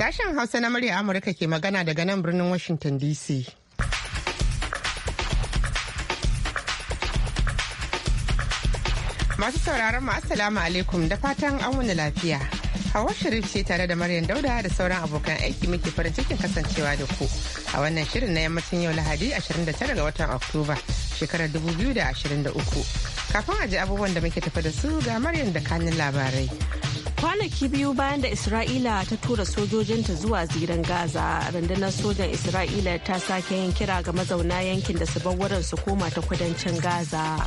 Sashen Hausa na murya Amurka ke magana daga nan birnin Washington DC. Masu sauraron mu Assalamu alaikum da fatan an wani lafiya. Hawa Sharif ce tare da Maryam Dauda da sauran abokan aiki muke farin cikin kasancewa da ku a wannan shirin na yammacin yau Lahadi 29 ga watan Oktoba shekarar 2023. Kafin a ji abubuwan da muke tafa da su ga Maryam da kanin labarai. kwanaki biyu bayan da isra'ila ta tura sojojinta zuwa ziran gaza rundunar sojan isra'ila ta sake yin kira ga mazauna yankin da su bar wurin su koma ta kudancin gaza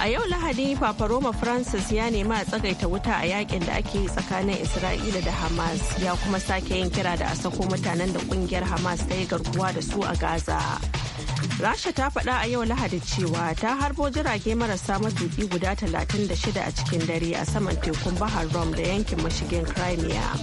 a yau lahadi paparoma francis ya nemi a tsagaita wuta a yakin da ake yi tsakanin isra'ila da hamas ya kuma sake yin kira da a sako mutanen da kungiyar hamas ta yi garkuwa da su a gaza Rasha ta faɗa a yau Lahadi cewa ta harbo jirage marasa matuƙi guda 36 a cikin dare a saman tekun Bahar Rom da yankin mashigin Crimea.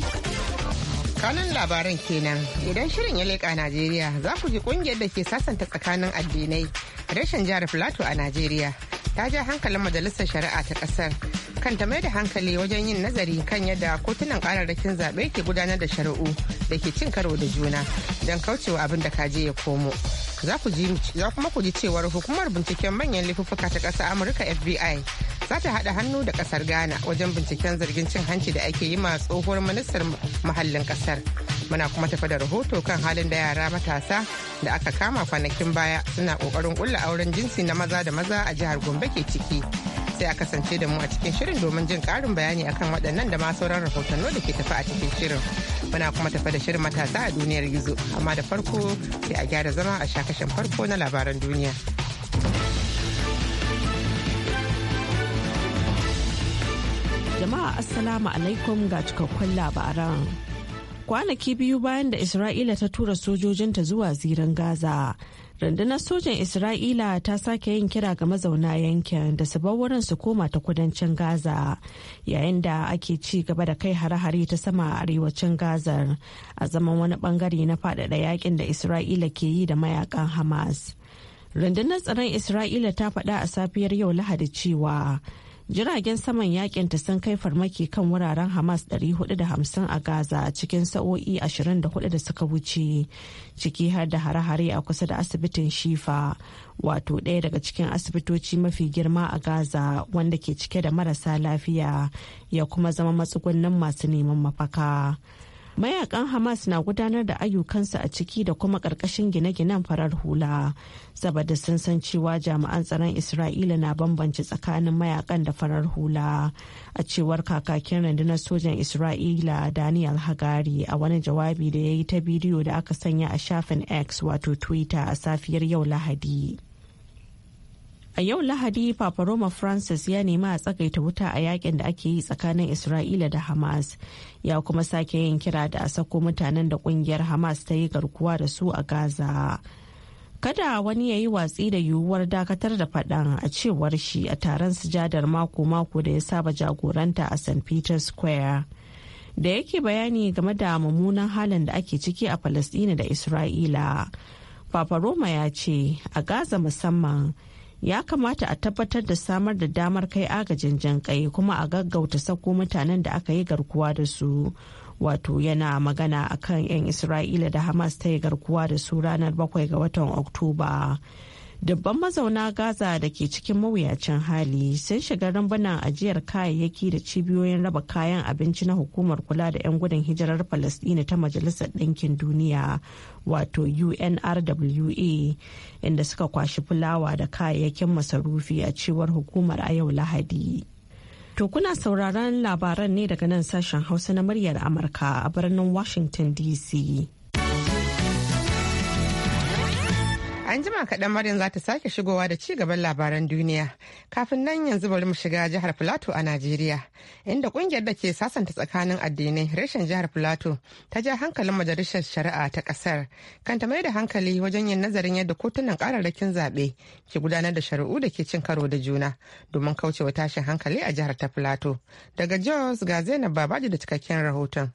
kanun labaran kenan idan shirin ya leƙa Najeriya za ku ji ƙungiyar da ke sasanta tsakanin addinai a rashin jihar Filato a Najeriya ta ja hankalin majalisar shari'a ta ƙasar kan ta mai da hankali wajen yin nazari kan yadda kotunan ƙararrakin zaɓe ke gudanar da shari'u da ke cin karo da juna don kaucewa abin da kaje ya komo za kuma ku ji cewar hukumar binciken manyan laifuka ta ƙasa amurka fbi za ta haɗa hannu da ƙasar ghana wajen binciken zargin cin hanci da ake yi ma tsohuwar ministar muhallin ƙasar muna kuma tafi da rahoto kan halin da yara matasa da aka kama kwanakin baya suna ƙoƙarin ƙulla auren jinsi na maza da maza a jihar gombe ke ciki sai a kasance da mu a cikin shirin domin jin karin bayani akan waɗannan da ma sauran rahotanno da ke tafi a cikin shirin muna kuma tafi da shirin matasa a duniyar gizo amma da farko sai a gyara zama a shakashin farko na labaran duniya jama'a assalamu alaikum ga cikakkun labaran kwanaki biyu bayan da isra'ila ta tura sojojinta zuwa zirin gaza rundunar sojan isra'ila ta sake yin kira ga mazauna yankin da su bar wurin su koma ta kudancin gaza yayin da ake ci gaba da kai hare-hare ta sama a arewacin gaza a zaman wani bangare na faɗaɗa yakin da isra'ila ke yi da mayakan hamas rundunar tsaron isra'ila ta faɗa a safiyar yau lahadi cewa jiragen saman yakinta sun kai farmaki kan wuraren hamas 450 a gaza cikin sa'o'i 24 da suka wuce ciki har da hare-hare a kusa da asibitin shifa wato ɗaya daga cikin asibitoci mafi girma a gaza wanda ke cike da marasa lafiya ya kuma zama matsugunnin masu neman mafaka. mayakan hamas na gudanar da ayyukansu a ciki da kuma ƙarƙashin gine-ginen farar hula saboda sun san cewa jami'an tsaron isra'ila na bambanci tsakanin mayakan da farar hula a cewar kakakin rundunar sojan isra'ila daniel hagari a wani jawabi da ya yi ta bidiyo da aka sanya a shafin x wato twitter a safiyar yau lahadi A yau Lahadi Papa Roma Francis ya nemi a tsagaita wuta a yakin da ake yi tsakanin Isra'ila da Hamas. Ya kuma sake yin kira da a sako mutanen da kungiyar Hamas ta yi garkuwa da su a Gaza. Kada wani ya yi watsi da yiwuwar dakatar da faɗan a cewar shi a taron sujadar mako-mako da ya saba jagoranta a St. Peter Square. Da yake bayani game da mummunan halin da ake ciki a Falasɗina da Isra'ila. Papa Roma ya ce, a Gaza musamman, ya kamata a tabbatar da samar da damar kai agajin jan kai kuma a gaggauta sako mutanen da aka yi garkuwa da su wato yana magana akan 'yan isra'ila da hamas ta yi garkuwa da su ranar 7 ga watan oktoba dubban mazauna gaza da ke cikin mawuyacin hali sun shiga rambunan ajiyar kayayyaki da cibiyoyin raba kayan abinci na hukumar kula da 'yan gudun hijirar falasdina ta majalisar ɗinkin duniya wato unrwa inda suka kwashi fulawa da kayayyakin masarufi a cewar hukumar a yau lahadi to kuna sauraron labaran ne daga nan sashen hausa na muryar amurka a birnin washington dc an jima kaɗan Maryam za ta sake shigowa da ci gaban labaran duniya. Kafin nan yanzu bari mu shiga jihar Filato a Najeriya, inda kungiyar da ke sasanta tsakanin addinai reshen jihar Filato ta ja hankalin majalisar shari'a ta kasar kan ta mai da hankali wajen yin nazarin yadda kotunan kararrakin zaɓe ke gudanar da shari'u da ke cin karo da juna domin kaucewa tashin hankali a jihar ta Filato. Daga Jos ga Zainab Babaji da cikakken rahoton.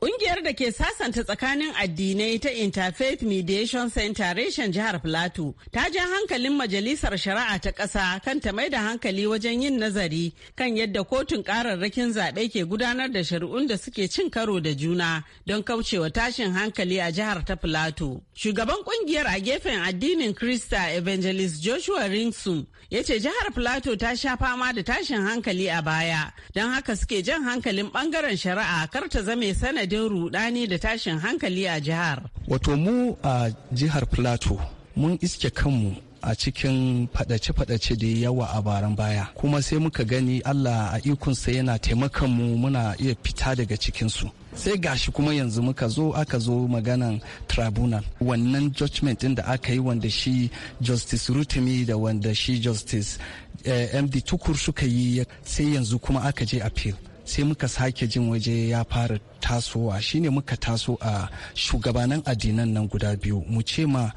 Ƙungiyar da ke sasanta tsakanin addinai ta Interfaith Mediation Center reshen jihar Filato ta ja hankalin majalisar shari'a ta ƙasa kan ta mai da hankali wajen yin nazari kan yadda kotun ƙararrakin zaɓe ke gudanar da shari'un da suke cin karo da juna don kaucewa tashin hankali a jihar ta Filato. Shugaban ƙungiyar a gefen addinin Krista Evangelist Joshua Ringsum ya ce jihar Plateau ta sha fama da tashin hankali a baya don haka suke jan hankalin bangaren shari'a kar ta zame sanadin rudani da tashin hankali a jihar. Wato mu a jihar Plateau mun iske kanmu a cikin fadace-fadace da yawa a baran baya kuma sai muka gani allah a ikonsa yana taimakan mu muna iya fita daga cikinsu sai gashi kuma yanzu muka zo aka zo maganan tribunal wannan judgment din da aka yi wanda shi justice rutumi da wanda shi justice eh, md tukur suka yi sai yanzu kuma aka je appeal sai muka sake jin waje ya fara tasowa shine muka taso a shugabanan addinan nan guda biyu mu ce ma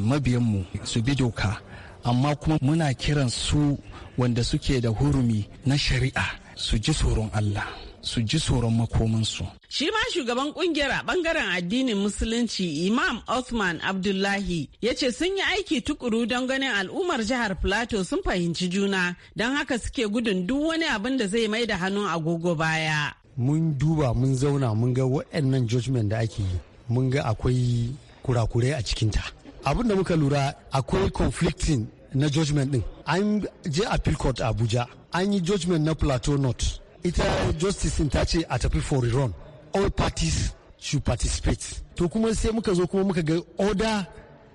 mabiyanmu su bi doka amma kuma muna kiran su wanda suke da hurumi na shari'a su ji tsoron Allah su ji tsoron makomansu. Shi ma shugaban kungiyar a bangaren addinin musulunci Imam Othman Abdullahi ya ce sun yi aiki tukuru don ganin al'ummar jihar Plateau sun fahimci juna don haka suke gudun duk wani abin da zai mai da hannun agogo baya. Mun duba mun zauna mun ga waɗannan judgment da ake yi mun ga akwai kurakurai a cikinta. Abin da muka lura akwai conflicting na judgment din. An je appeal court Abuja an yi judgment na Plateau North ita justice ta ce a tafi for run all parties should participate to kuma sai muka zo kuma muka ga order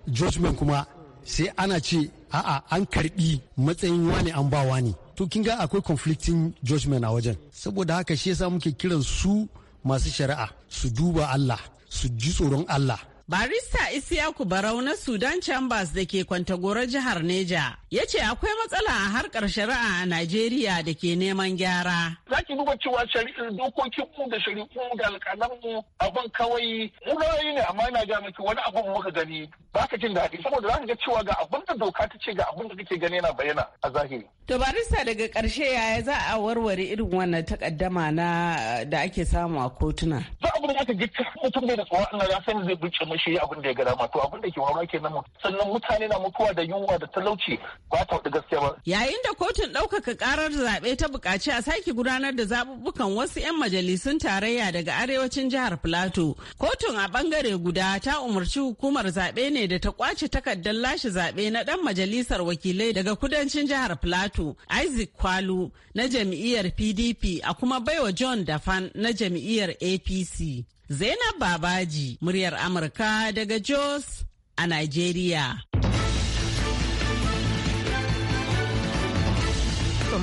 judgment kuma sai ana ce a'a an karbi matsayin wani an ba wani to kin ga akwai conflicting judgment a wajen saboda haka shi yasa muke kiran su masu shari'a su duba Allah su ji tsoron Allah barista Isiyaku Barau na Sudan Chambers da ke Kwantagoro jihar Neja ya ce akwai matsala a harkar shari'a a Najeriya da ke neman gyara. Za ki duba cewa shari'ar dokokin mu da shari'u da alƙalan mu abin kawai mu ne amma ina ga miki wani abin muka gani ba ka jin daɗi saboda za ka ga cewa ga abin da doka ta ce ga abin da kake gani yana bayyana a zahiri. To barista daga ƙarshe yaya za a warware irin wannan takaddama na da ake samu a kotuna. Za abin da aka gita mutum bai da tsoron ana ya san zai bincike mashi abin da ya gada. ma to abin da ke wawa kenan sannan mutane na mutuwa da yunwa da talauci ba ta wadda gaskiya ba. Yayin da kotun ɗaukaka ƙarar zaɓe ta buƙaci a sake gudanar da zaɓuɓɓukan wasu 'yan majalisun tarayya daga arewacin jihar Filato. Kotun a ɓangare guda ta umarci hukumar zaɓe ne da ta kwace takardar lashe zaɓe na ɗan majalisar wakilai daga kudancin jihar Filato, Isaac Kwalu na jam'iyyar PDP a kuma baiwa John Dafan na jam'iyyar APC. Zainab Babaji, muryar Amurka daga Jos a Nigeria.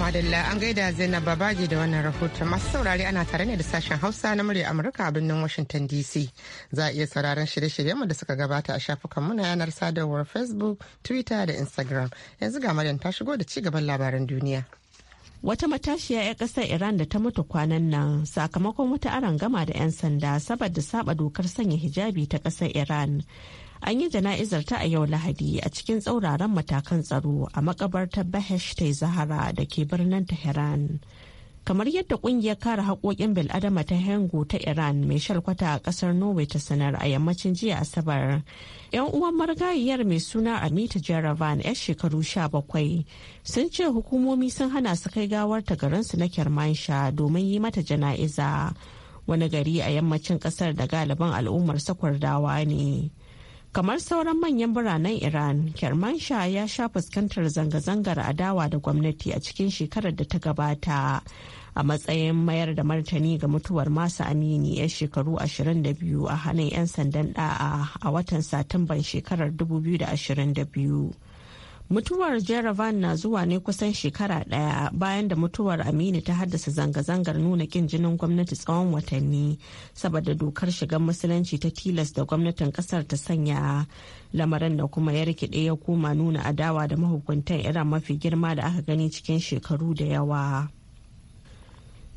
madalla an gaida zainab babaji da wannan rahoton masu saurari ana tare ne da sashen hausa na murya amurka a birnin washington dc za a iya sauraron shirye-shiryenmu da suka gabata a shafukan mu na yanar sadarwar facebook twitter da instagram yanzu ga maryam ta shigo da ci gaban labaran duniya wata matashiya 'yan kasar iran da ta mutu kwanan nan sakamakon wata gama da 'yan sanda saboda saba dokar sanya hijabi ta ƙasar iran an yi jana'izar ta a yau lahadi a cikin tsauraran matakan tsaro a makabartar bahesh ta zahara da ke birnin tehran kamar yadda kungiyar kare haƙoƙin bil'adama ta hengu ta iran mai shalkwata a ƙasar norway ta sanar a yammacin jiya asabar yan uwan margayiyar mai suna amita jaravan yar shekaru sha bakwai sun ce hukumomi sun hana su kai gawar ta garinsu na kermansha domin yi mata jana'iza wani gari a yammacin ƙasar da galibin al'ummar sakwardawa ne kamar sauran manyan biranen iran kermansha ya sha fuskantar zanga-zangar adawa da gwamnati a cikin shekarar da ta gabata a matsayin mayar da martani ga mutuwar masu amini 'yan shekaru 22 a hannun 'yan sandan da'a a watan satumban shekarar 2022 Mutuwar Jeravan na zuwa ne kusan shekara ɗaya bayan da mutuwar Aminu ta haddasa zanga-zangar nuna kin jinin gwamnati tsawon watanni saboda dokar shigar musulunci ta tilas da gwamnatin kasar ta sanya lamarin da kuma ya rikide ya koma nuna adawa da mahukuntan irin mafi girma da aka gani cikin shekaru da yawa.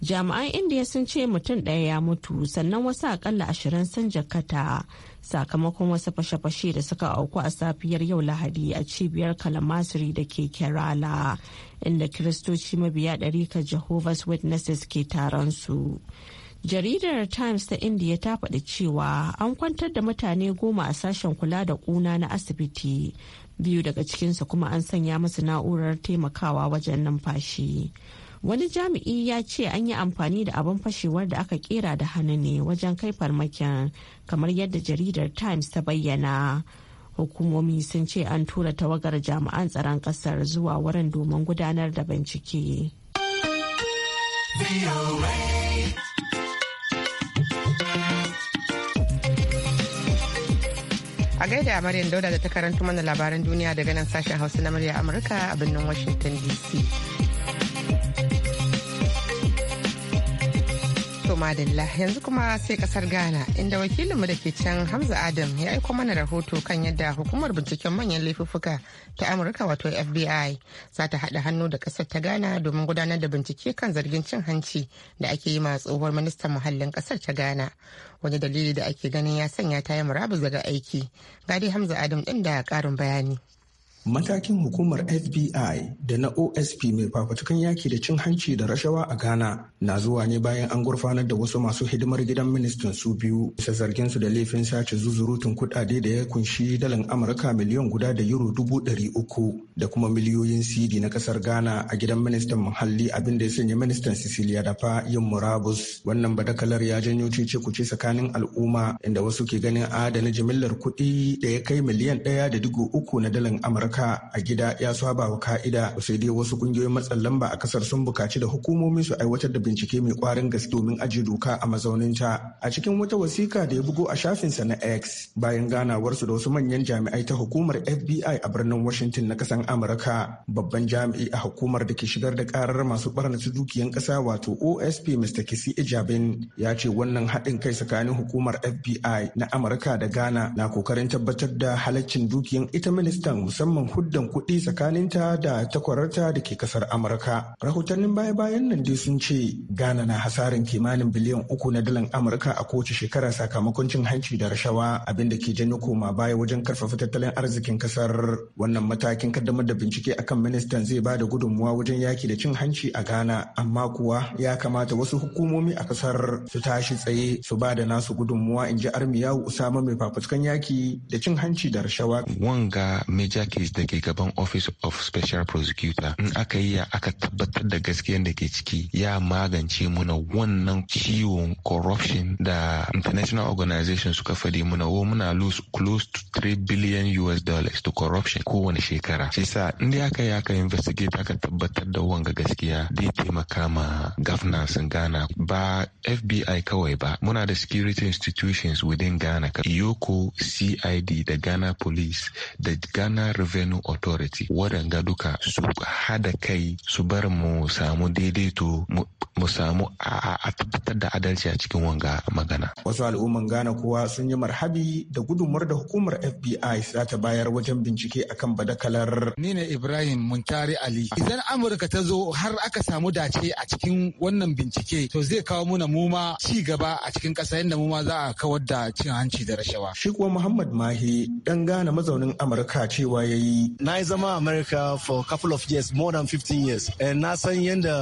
jami'an indiya sun ce mutum ɗaya ya mutu sannan wasu akalla ashirin sun jakata sakamakon wasu fashe-fashe da suka auku a safiyar yau lahadi a cibiyar kalamasiri da ke kerala inda kiristoci mabiya ka jehovah's witnesses ke taron su jaridar times ta indiya ta faɗi cewa an kwantar da mutane goma a sashen kula da ƙuna na asibiti biyu daga cikinsu kuma an sanya musu na'urar taimakawa wajen numfashi. wani jami'i ya ce an yi amfani da abin fashewar da aka kera da hannu ne wajen kai farmakin kamar yadda jaridar times ta bayyana hukumomi sun ce an tura tawagar jami'an tsaron kasar zuwa wurin domin gudanar da bincike a gaida maryam dauda da ta karanta mana labaran duniya daga nan sashen hausa na murya amurka a birnin washington dc To madalla yanzu kuma sai kasar Ghana inda wakilinmu da ke can Hamza Adam ya aiko mana rahoto kan yadda hukumar binciken manyan laifuffuka ta Amurka wato FBI za ta haɗa hannu da ƙasar ta Ghana domin gudanar da bincike kan zargin cin hanci da ake yi ma tsohuwar ministan muhallin ƙasar ta Ghana. Wani dalili da ake ganin ya sanya ta yi murabus daga aiki. ga dai Hamza Adam ɗin da ƙarin bayani. Matakin hukumar FBI da na OSP mai fafatukan yaki da cin hanci da rashawa a Ghana na zuwa ne bayan an gurfanar da wasu masu hidimar gidan ministan su biyu bisa zargin su da laifin sace zuzurutun kuɗaɗe da ya kunshi dalan Amurka miliyan guda da yuro dubu ɗari uku da kuma miliyoyin CD na ƙasar Ghana a gidan ministan muhalli abin da ya sanya ministan Cecilia da fa yin murabus. Wannan badakalar ya janyo cece kuce tsakanin al'umma inda wasu ke ganin adana jimillar kuɗi da ya kai miliyan ɗaya da digo uku na dalan Amurka ka a gida ya saba wa ka'ida sai dai wasu kungiyoyin matsan lamba a kasar sun bukaci da hukumomi su aiwatar da bincike mai kwarin gaske domin ajiye doka a mazauninta a cikin wata wasika da ya bugo a shafinsa na x bayan ganawar su da wasu manyan jami'ai ta hukumar fbi a birnin washington na kasan amurka babban jami'i a hukumar da ke shigar da karar masu barnata dukiyan kasa wato osp mr kisi ijabin ya ce wannan haɗin kai tsakanin hukumar fbi na amurka da ghana na kokarin tabbatar da halaccin dukiyan ita ministan musamman samun huddan kuɗi tsakaninta da takwararta da ke kasar amurka rahotannin baya-bayan nan dai sun ce ghana na hasarin kimanin biliyan uku na dalan amurka a kowace shekara sakamakon cin hanci da rashawa abin da ke janyo koma baya wajen karfafa tattalin arzikin kasar wannan matakin kaddamar da bincike akan ministan zai ba da gudunmuwa wajen yaki da cin hanci a ghana amma kuwa ya kamata wasu hukumomi a kasar su tashi tsaye su ba da nasu gudunmuwa in ji armiyawu usama mai fafuskan yaki da cin hanci da rashawa wanga major case da ke gaban office of special prosecutor in aka yi ya aka tabbatar da gaskiyar da ke ciki ya magance muna wannan ciwon corruption da international organization suka fadi muna wo oh, muna lose close to 3 billion US dollars to corruption kowane shekara shi sa in dai aka yi aka investigate aka tabbatar da wanga gaskiya zai taimaka ma governance Ghana ba FBI kawai ba muna da security institutions within Ghana Yoko CID da Ghana Police da Ghana Revenue revenue authority wadanda duka su hada kai su bar mu samu daidaito mu samu a tabbatar da adalci a cikin wanga magana. Wasu al'umman Ghana kowa sun yi marhabi da gudunmuwar da hukumar FBI za ta bayar wajen bincike akan badakalar. Ni ne Ibrahim Muntari Ali. Idan Amurka ta zo har aka samu dace a cikin wannan bincike to zai kawo muna muma ci gaba a cikin ƙasa yadda muma za a kawar da cin hanci da rashawa. Shi kuwa Muhammad Mahi dan Ghana mazaunin Amurka cewa ya yi yi na yi zama america for couple of years more than 15 years and na san yadda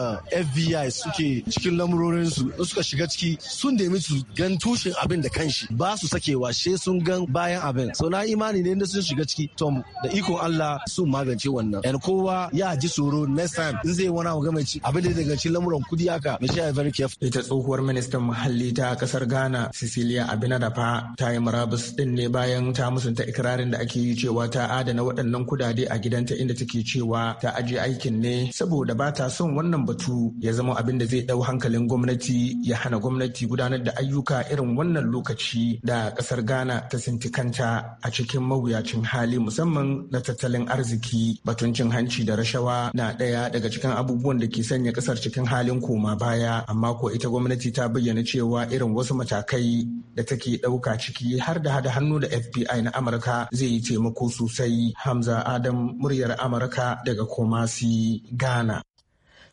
fbi suke cikin lamurorin su suka shiga ciki sun nemi su gan tushen abin da kanshi ba su sakewa she sun gan bayan abin so na imani ne da sun shiga ciki tom da ikon allah sun magance wannan and kowa ya ji tsoro next time in zai wani abu game abin da daga cikin lamuran kudi haka mai shi very careful ita tsohuwar ministan muhalli ta kasar ghana cecilia abinadafa ta yi murabus din ne bayan ta musunta ikirarin da ake yi cewa ta adana waɗannan makudan kudade a gidanta inda take cewa ta aje aikin ne saboda ba ta son wannan batu ya zama abin da zai dau hankalin gwamnati ya hana gwamnati gudanar da ayyuka irin wannan lokaci da kasar Ghana ta sinti kanta a cikin mawuyacin hali musamman na tattalin arziki batuncin hanci da rashawa na ɗaya daga cikin abubuwan da ke sanya kasar cikin halin koma baya amma ko ita gwamnati ta bayyana cewa irin wasu matakai da take ɗauka ciki har da hada hannu da FBI na Amurka zai yi taimako sosai. Ham Hamza Adam muryar Amurka daga Kumasi, Ghana.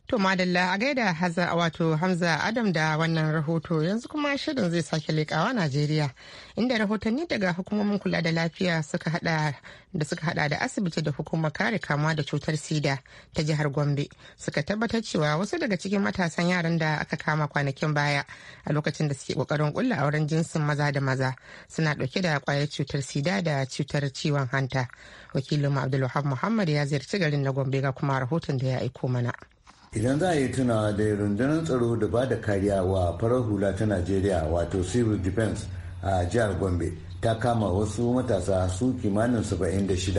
To madalla a gaida haza wato Hamza Adam da wannan rahoto yanzu kuma shirin zai sake leƙawa Najeriya inda rahotanni daga hukumomin kula da lafiya suka hada da suka hada da asibiti da hukumar kare kama da cutar sida ta jihar Gombe suka tabbatar cewa wasu daga cikin matasan yaran da aka kama kwanakin baya a lokacin da suke kokarin kulla auren jinsin maza da maza suna dauke da kwayar cutar sida da cutar ciwon hanta wakilin Abdulwahab Muhammad ya ziyarci garin na Gombe ga kuma rahoton da ya aiko mana. idan za a yi tunawa da rundunar tsaro da ba da kariya wa farar hula ta najeriya wato civil defense a jihar gombe ta kama wasu matasa su kimanin 76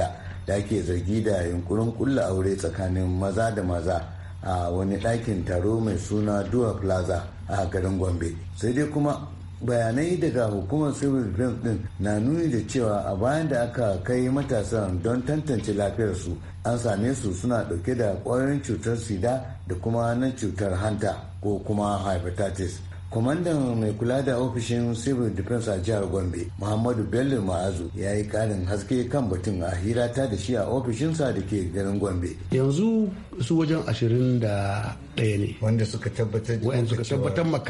da ake zargi da yunkurin kulla aure tsakanin maza da maza a wani ɗakin taro mai suna dua plaza a garin gombe sai dai kuma bayanai daga hukumar civil defense din na nuni da cewa a bayan da aka kai matasan don tantance lafiyarsu an same su suna ɗauke da ƙwayoyin cutar sida da kuma nan cutar hanta ko kuma hepatitis kwamandan mai kula da ofishin civil defense a jihar gombe muhammadu bello ma'azu ya yi karin haske kan batun a hirata da shi a ofishinsa da ke garin gombe yanzu su wajen ashirin da ɗaya ne wanda suka tabbatar suka tabbatar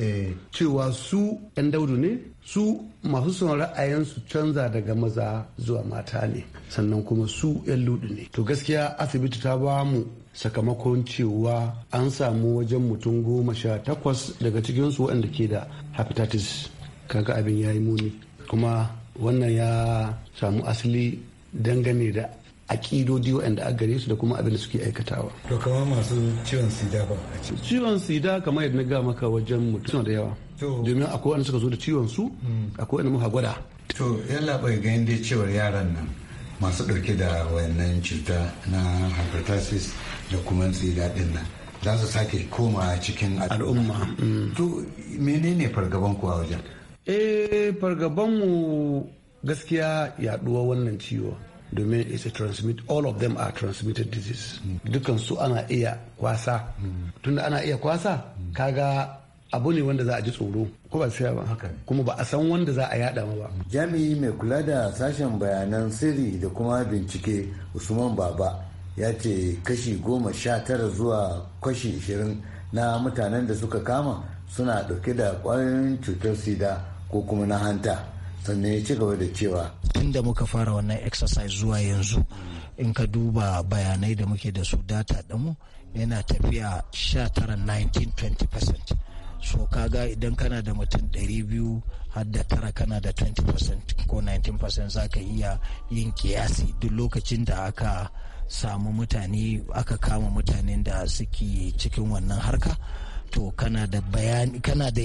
eh. cewa su 'yan daudu ne su masu son ra'ayansu canza daga maza zuwa mata ne sannan kuma su 'yan ludu ne to gaskiya asibiti ta ba mu sakamakon cewa an samu wajen mutum goma sha takwas daga cikinsu waɗanda ke da hepatitis kaga abin ya yi muni kuma wannan ya samu asali dangane da aƙidodi waɗanda a gare su da kuma abin da suke aikatawa. To kama masu ciwon sida ba a Ciwon sida kamar yadda na ga maka wajen mutum da yawa. Domin akwai waɗanda suka zo da ciwon su hmm. akwai waɗanda muka gwada. To yan bai ganin dai cewar yaran nan masu ɗauke da wayannan cuta na hepatitis da kuma tsira nan za su sake koma cikin al'umma mm. to menene fargaban ku a wajen eh fargaban mu gaskiya yaduwa wannan ciwo domin it's a transmit all of them are transmitted disease dukan su ana iya kwasa tunda ana iya kwasa kaga abu ne wanda za a ji tsoro ko ba sai ba haka kuma ba a san wanda za a yada ba jami'i mai kula da sashen bayanan sirri da kuma bincike usman baba ya ce kashi goma sha tara zuwa kashi ishirin na mutanen da suka kama suna dauke da kwayoyin cutar sida ko kuma na hanta sannan ya ci gaba da cewa inda muka fara wannan exercise zuwa yanzu in ka duba bayanai da muke da su data ɗinmu yana tafiya sha 19-20% so kaga idan kana da mutum 200 har da tara kana da 20% ko 19% za ka iya yin kiyasi duk lokacin da aka samu mutane aka kama mutanen da suke cikin wannan harka to kana da bayani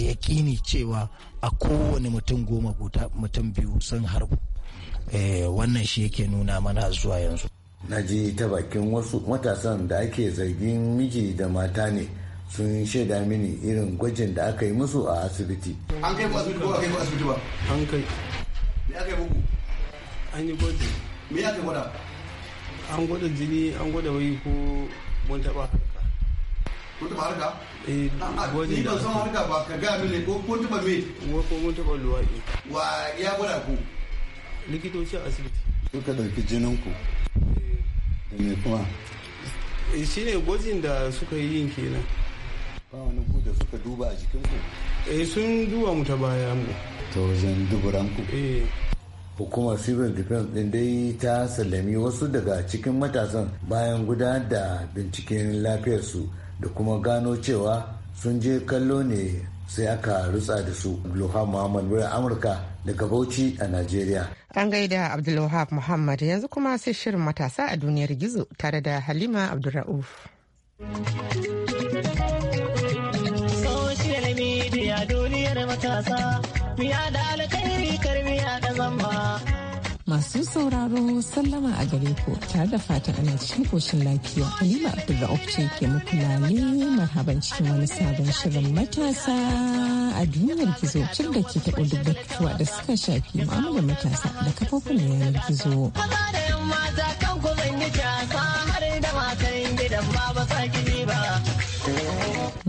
yakini cewa a kowane mutum goma mutum biyu sun harbu eh, wannan shi yake nuna mana zuwa yanzu na ji ta bakin wasu matasan da ake zargin miji da mata ne sun shaida mini irin gwajin da aka yi musu a asibiti an kai ba asibiti ba kai ba asibiti ba an kai me aka yi muku an yi gwajin. me aka yi gwada an gwada jini an gwada wai ko mun taɓa harka mun taɓa harka eh gwajin da san harka ba ka ga mini ko ko taɓa me ko mun taɓa luwaɗi wa ya gwada ku likitoci a asibiti ka ɗauki jinin ku eh. me kuma eh, shi ne gwajin da suka yi yin kenan ba wani ku da suka duba a jikin ku eh sun duba mu ta baya mu to zan duburan ku eh hukumar civil defense din dai ta sallami wasu daga cikin matasan bayan gudanar da binciken lafiyarsu da kuma gano cewa sun je kallo ne sai aka rutsa da su abdulwahab muhammad wurin amurka daga bauchi a Najeriya. an gaida abdulwahab muhammad yanzu kuma sai shirin matasa a duniyar gizo tare da halima abdulra'uf Social media duniyar matasa da alkhairi karbiya da Masu sauraro sallama a gare ku tare da fatan ana cikin koshin lafiya Halima Abdulra'uf ce ke muku lale marhaban cikin wani sabon shirin matasa a duniyar gizo cin da ke taɓa duk da suka shafi mu'amalar matasa da kafofin yanar gizo. Maza da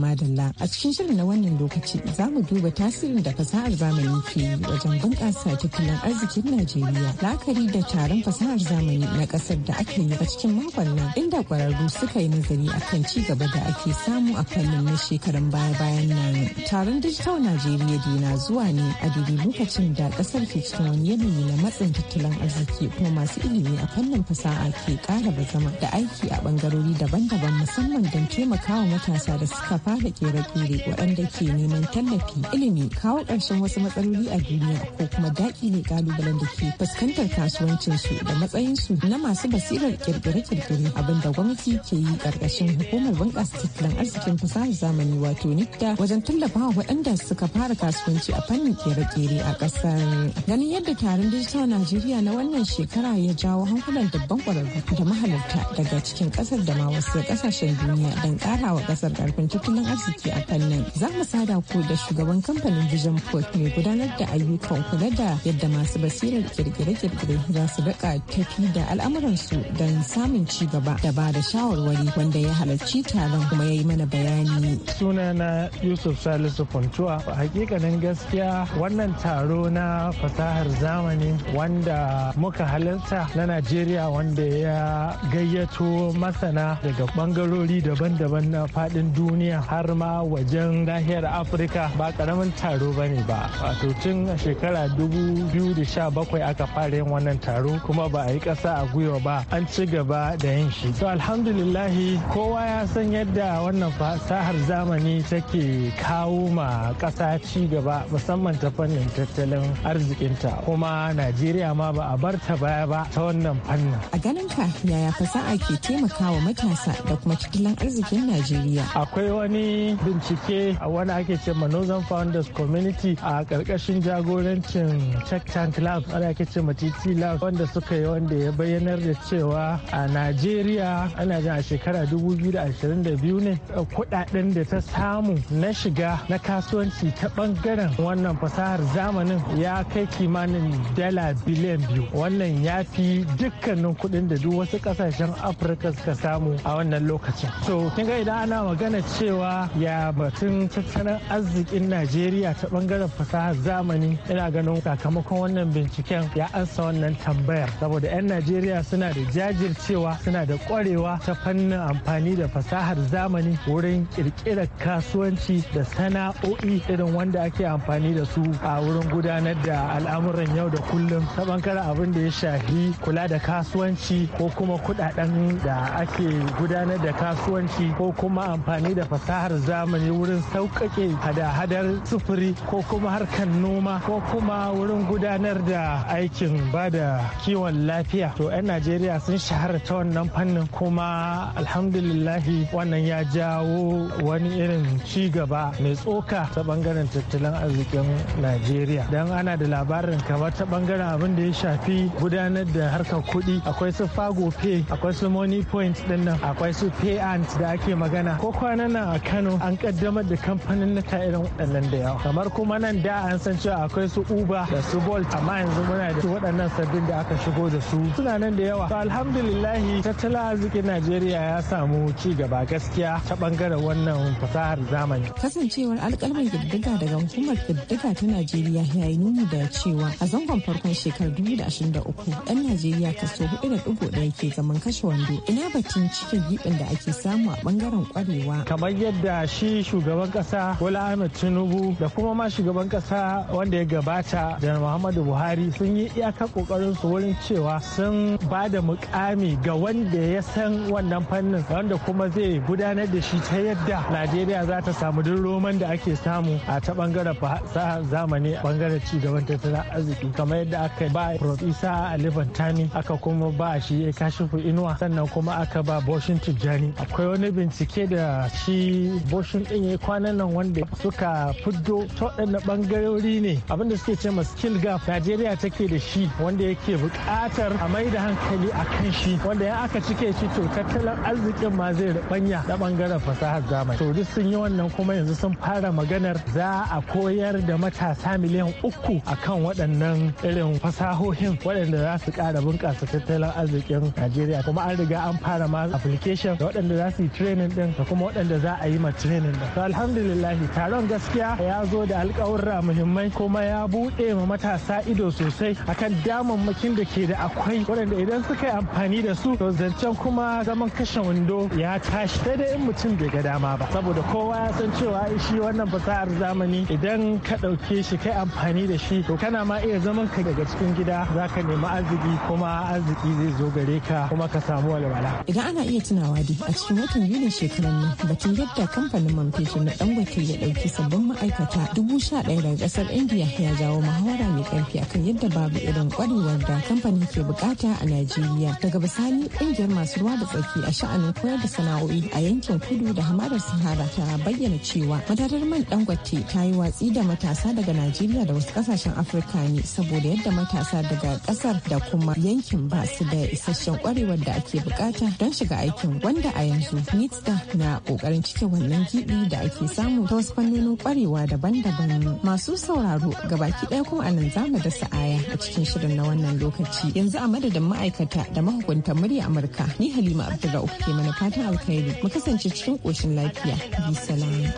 madalla a cikin shirin na wannan lokaci za mu duba tasirin da fasahar zamani ke yi wajen bunƙasa tattalin arzikin najeriya lakari da taron fasahar zamani na ƙasar da ake yi a cikin makon nan inda ƙwararru suka yi nazari akan ci gaba da ake samu a fannin na shekarun baya bayan nan taron digital najeriya da na zuwa ne a dubi lokacin da ƙasar ke cikin wani yanayi na matsin tattalin arziki kuma masu ilimi a fannin fasaha ke ƙara bazama da aiki a ɓangarori daban-daban musamman don taimakawa matasa da suka fara da kere-kere waɗanda ke neman tallafi ilimi kawo ƙarshen wasu matsaloli a duniya ko kuma daƙi ne ƙalubalen da ke fuskantar kasuwancinsu da matsayinsu na masu basirar kirkire-kirkire abin gwamnati ke yi ƙarƙashin hukumar bunƙasa tattalin arzikin fasahar zamani wato nikta wajen tallafawa waɗanda suka fara kasuwanci a fannin kere-kere a ƙasar ganin yadda taron dijital najeriya na wannan shekara ya jawo hankulan dabban ƙwararru da mahalarta daga cikin ƙasar da ma wasu ƙasashen duniya don ƙara wa ƙasar ƙarfin tattalin arziki a fannin za mu sada ku da shugaban kamfanin vision port mai gudanar da ayyukan kula da yadda masu basirar kirkire-kirkire za su daka tafi da al'amuransu don samun ci gaba da ba da shawarwari wanda ya halarci taron kuma ya yi mana bayani sunana yusuf salisu funtuwa hakikanin gaskiya wannan taro na fasahar zamani wanda muka halarta na najeriya wanda ya gayyato masana daga bangarori daban-daban na faɗin duniya har ma wajen nahiyar afirka ba karamin taro ba ne ba wato tun shekara 2017 aka fara yin wannan taro kuma ba a yi ƙasa a gwiwa ba an ci gaba da yin shi to alhamdulillahi kowa ya san yadda wannan fasahar zamani take kawo ma ƙasa ci gaba musamman ta fannin tattalin arzikinta kuma najeriya ma ba a bar ta baya ba ta wannan fannin a ganin ka yaya fasaha ke taimakawa matasa da kuma tattalin arzikin najeriya akwai wani bincike a wani ake ce ma Northern Founders Community a karkashin jagorancin Check Tank Lab ana ake ce ma TT Lab wanda suka yi wanda ya bayyanar da cewa a Najeriya ana jin a shekara 2022 ne kuɗaɗen da ta samu na shiga na kasuwanci ta ɓangaren wannan fasahar zamanin ya kai kimanin dala biliyan biyu wannan ya fi dukkanin kuɗin da duk wasu ƙasashen Afirka suka samu a wannan lokacin. So kin ga idan ana magana cewa ya batun tattalin arzikin najeriya ta bangaren fasahar zamani ina ganin sakamakon wannan binciken ya ansa wannan tambayar saboda 'yan najeriya suna da jajircewa suna da kwarewa ta fannin amfani da fasahar zamani wurin kirkirar kasuwanci da sana'o'i irin wanda ake amfani da su a wurin gudanar da al'amuran yau da kullum ta bangaren abin da ya shafi kula da kasuwanci ko kuma kudaden da ake gudanar da kasuwanci ko kuma amfani da fasahar fasahar zamani wurin sauƙaƙe hada-hadar sufuri ko kuma harkar noma ko kuma wurin gudanar da aikin ba da kiwon lafiya to 'yan najeriya sun shahara ta wannan fannin kuma alhamdulillahi wannan ya jawo wani irin ci gaba mai tsoka ta bangaren tattalin arzikin najeriya don ana da labarin kamar ta bangaren abin da ya shafi gudanar da harkar kuɗi akwai su fago pay akwai su money point ɗin nan akwai su pay ant da ake magana ko kwanan nan kano an kaddamar da kamfanin na irin waɗannan da yawa kamar kuma nan da an san cewa akwai su uber da su bolt amma yanzu muna da waɗannan sabbin da aka shigo da su suna nan da yawa alhamdulillahi tattalin arzikin najeriya ya samu ci gaba gaskiya ta bangaren wannan fasahar zamani kasancewar alkalman girgiga daga hukumar girgiga ta najeriya ya yi nuni da cewa a zangon farkon shekarar 2023 yan najeriya kaso 4.1 ke zaman kashe wando ina batun cikin gibin da ake samu a bangaren kwarewa kamar yadda da shi shugaban kasa wala Ahmed Tinubu da kuma ma shugaban kasa wanda ya gabata da Muhammadu Buhari sun yi iyakar kokarin su wurin cewa sun ba da mukami ga wanda ya san wannan fannin wanda kuma zai gudanar da shi ta yadda Najeriya za ta samu duk roman da ake samu a ta bangaren fasaha zamani bangaren ci gaban tattalin arziki kamar yadda aka ba Prof Isa Alifantani aka kuma ba shi ya kashifu inuwa sannan kuma aka ba Boshin Tijjani akwai wani bincike da shi boshin din ya kwanan nan wanda suka fiddo ta waɗanda ɓangarori ne abinda suke ce ma skill gap najeriya take da shi wanda yake buƙatar a mai da hankali a kan shi wanda ya aka cike shi to tattalin arzikin ma zai rubanya da ɓangaren fasahar zamani to duk sun yi wannan kuma yanzu sun fara maganar za a koyar da matasa miliyan uku akan waɗannan irin fasahohin waɗanda za su ƙara bunƙasa tattalin arzikin najeriya kuma an riga an fara ma application da waɗanda za su yi training ɗin da kuma waɗanda za a yi kalimar training da to alhamdulillah taron gaskiya ya zo da alƙawurra muhimmai kuma ya buɗe ma matasa ido sosai akan damammakin da ke da akwai waɗanda idan suka yi amfani da su to zancen kuma zaman kashe wando ya tashi sai dai in mutum bai ga dama ba saboda kowa ya san cewa shi wannan fasahar zamani idan ka ɗauke shi kai amfani da shi to kana ma iya zaman ka daga cikin gida zaka ka nemi arziki kuma arziki zai zo gare ka kuma ka samu walwala. Idan ana iya tunawa dai a cikin watan Yulin shekaran nan batun yadda kamfanin man fetur na dangote ya dauki sabbin ma'aikata dubu sha daya daga kasar india ya jawo muhawara mai karfi akan yadda babu irin kwarewar da kamfanin ke bukata a najeriya daga bisani kungiyar masu ruwa da tsaki a sha'anin koyar da sana'o'i a yankin kudu da hamadar sahara ta bayyana cewa matatar man dangote ta yi watsi da matasa daga najeriya da wasu kasashen afirka ne saboda yadda matasa daga kasar da kuma yankin ba su da isasshen kwarewar da ake bukata don shiga aikin wanda a yanzu nitsa na kokarin cikewa wannan gibi da ake samu ta wasu fannonin kwarewa daban-daban masu sauraro ga baki ɗaya kuma a nan zamu da sa'aya a cikin shirin na wannan lokaci yanzu a madadin ma'aikata da mahukuntan murya amurka ni halima abdulrauf ke mana fatan alkhairi mu kasance cikin ƙoshin lafiya bi salama.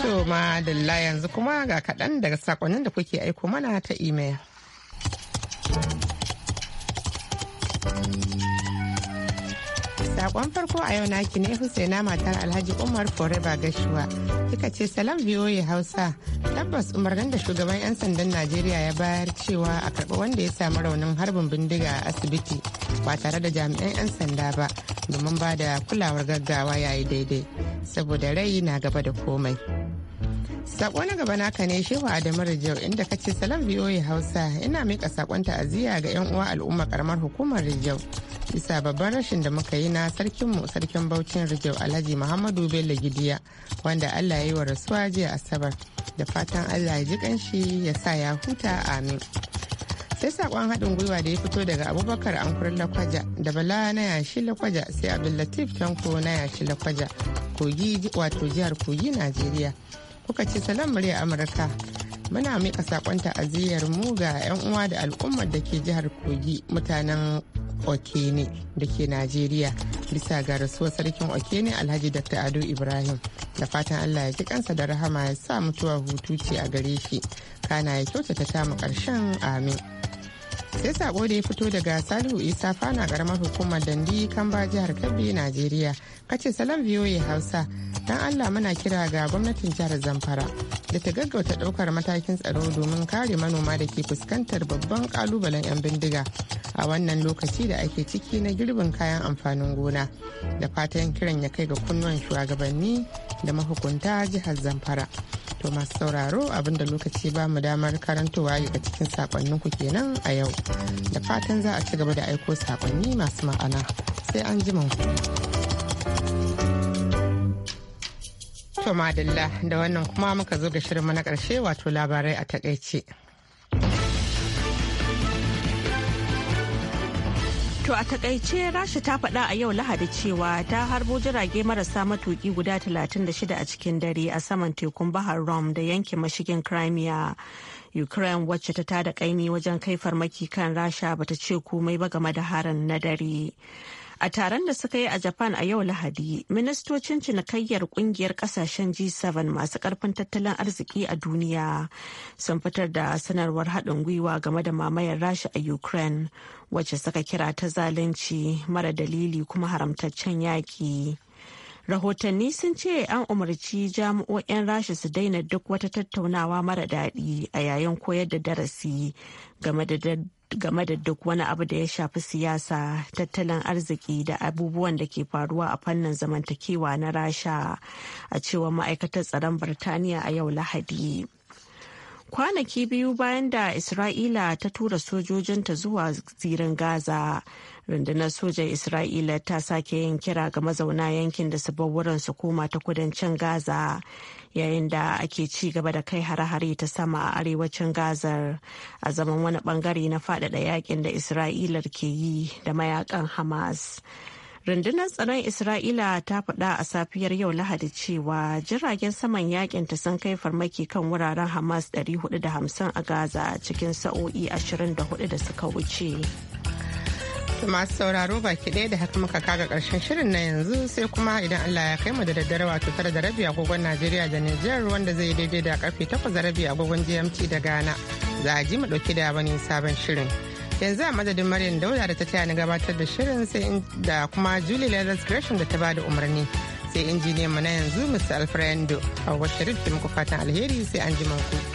To yanzu kuma ga kaɗan daga sakonnin da kuke aiko mana ta imel. sakon farko a yau naki ne Husaina matar Alhaji Umar Forever Gashuwa. Kika ce salam biyoyi Hausa. Tabbas umarnin da shugaban 'yan sandan Najeriya ya bayar cewa a karɓi wanda ya samu raunin harbin bindiga a asibiti ba tare da jami'an 'yan sanda ba domin ba da kulawar gaggawa yayi daidai saboda rai na gaba da komai. saƙo na gaba naka ne Shehu Adamu Rijau inda kace ce salam ya Hausa ina mika sakon ta'aziyya ga yan uwa al'umma karamar hukumar Rijau bisa babban rashin da muka yi na sarkinmu sarkin Bauchin Rijau Alhaji Muhammadu Bello Gidiya wanda Allah ya yi wa rasuwa jiya Asabar da fatan Allah ya ji kanshi ya sa ya huta amin. sai sakon haɗin gwiwa da ya fito daga abubakar ankur lakwaja da bala na yashi lakwaja sai latif tanko na yashi lakwaja kogi wato jihar kogi najeriya kuka ce salam murya Amurka. Muna mika sakon ta'aziyyar mu ga 'yan uwa da al'ummar da ke jihar Kogi mutanen Okene da ke Najeriya bisa ga rasuwar sarkin Okene Alhaji Dr. Ado Ibrahim. Da fatan Allah ya ji kansa da rahama ya sa mutuwa hutu ce a gare shi. Kana ya kyautata ta mu ƙarshen amin. sai sako da ya fito daga salihu isa fana karamar hukumar dandi kamba jihar kebbi najeriya kace salam ya hausa dan allah muna kira ga gwamnatin jihar zamfara da ta gaggauta daukar matakin tsaro domin kare manoma da ke fuskantar babban kalubalen yan bindiga a wannan lokaci da ake ciki na girbin kayan amfanin gona da fatan kiran ya kai ga kunnuwan shugabanni da mahukunta jihar zamfara to masu sauraro abinda lokaci ba mu damar karantowa daga cikin ku kenan a yau da fatan za a ci gaba da aiko sakonni masu ma'ana sai an ji To madalla da wannan kuma muka zo ga shirinmu na karshe wato labarai a takaice. To a takaice Rasha ta faɗa a yau Lahadi cewa ta harbo jirage marasa matuki guda 36 a cikin dare a saman tekun Bahar Rom da yankin mashigin Crimea. Ukraine wacce ta tada kaimi wajen kai farmaki kan Rasha bata ce komai ba game da harin na dare. A taron da suka yi a Japan a yau Lahadi, ministocin cinikayyar kungiyar kasashen G7 masu karfin tattalin arziki a duniya sun fitar da sanarwar haɗin gwiwa game da mamayar Rasha a Ukraine, wacce suka kira ta zalunci mara dalili kuma haramtaccen yaƙi. rahotanni sun ce an umarci jami'o'in rasha su daina duk wata tattaunawa mara daɗi a yayin koyar da darasi game da game da duk wani abu da ya shafi siyasa tattalin arziki da abubuwan da ke faruwa a fannin zamantakewa na rasha a cewar ma'aikatar tsaron birtaniya a yau lahadi kwanaki biyu bayan da isra'ila ta tura sojojinta zuwa zirin gaza rundunar sojan isra'ila ta sake yin kira ga mazauna yankin da su bar wurin su koma ta kudancin gaza yayin da ake ci gaba da kai hare-hare ta sama a arewacin gazar a zaman wani bangare na faɗaɗa yakin da isra'ila ke yi da mayakan hamas rundunar tsaron isra'ila ta faɗa a safiyar yau lahadi cewa jiragen saman yakin ta sun kai farmaki kan wuraren hamas 450 a gaza cikin sa'o'i 24 da suka wuce. To masu sauraro baki ɗaya da haka muka kaga ƙarshen shirin na yanzu sai kuma idan Allah ya kai mu da daddare wato tara da rabi agogon Najeriya da Nijar wanda zai daidai da karfe takwas da rabi agogon GMT da Ghana. Za a ji mu ɗauki da wani sabon shirin. Yanzu a madadin Maryam Dauda da ta taya ni gabatar da shirin sai da kuma Julie Leathers Gresham da ta ba da umarni. Sai injiniyan mu na yanzu Mr. Alfredo. Hawwa Sharif ke muku fatan alheri sai an ji ku.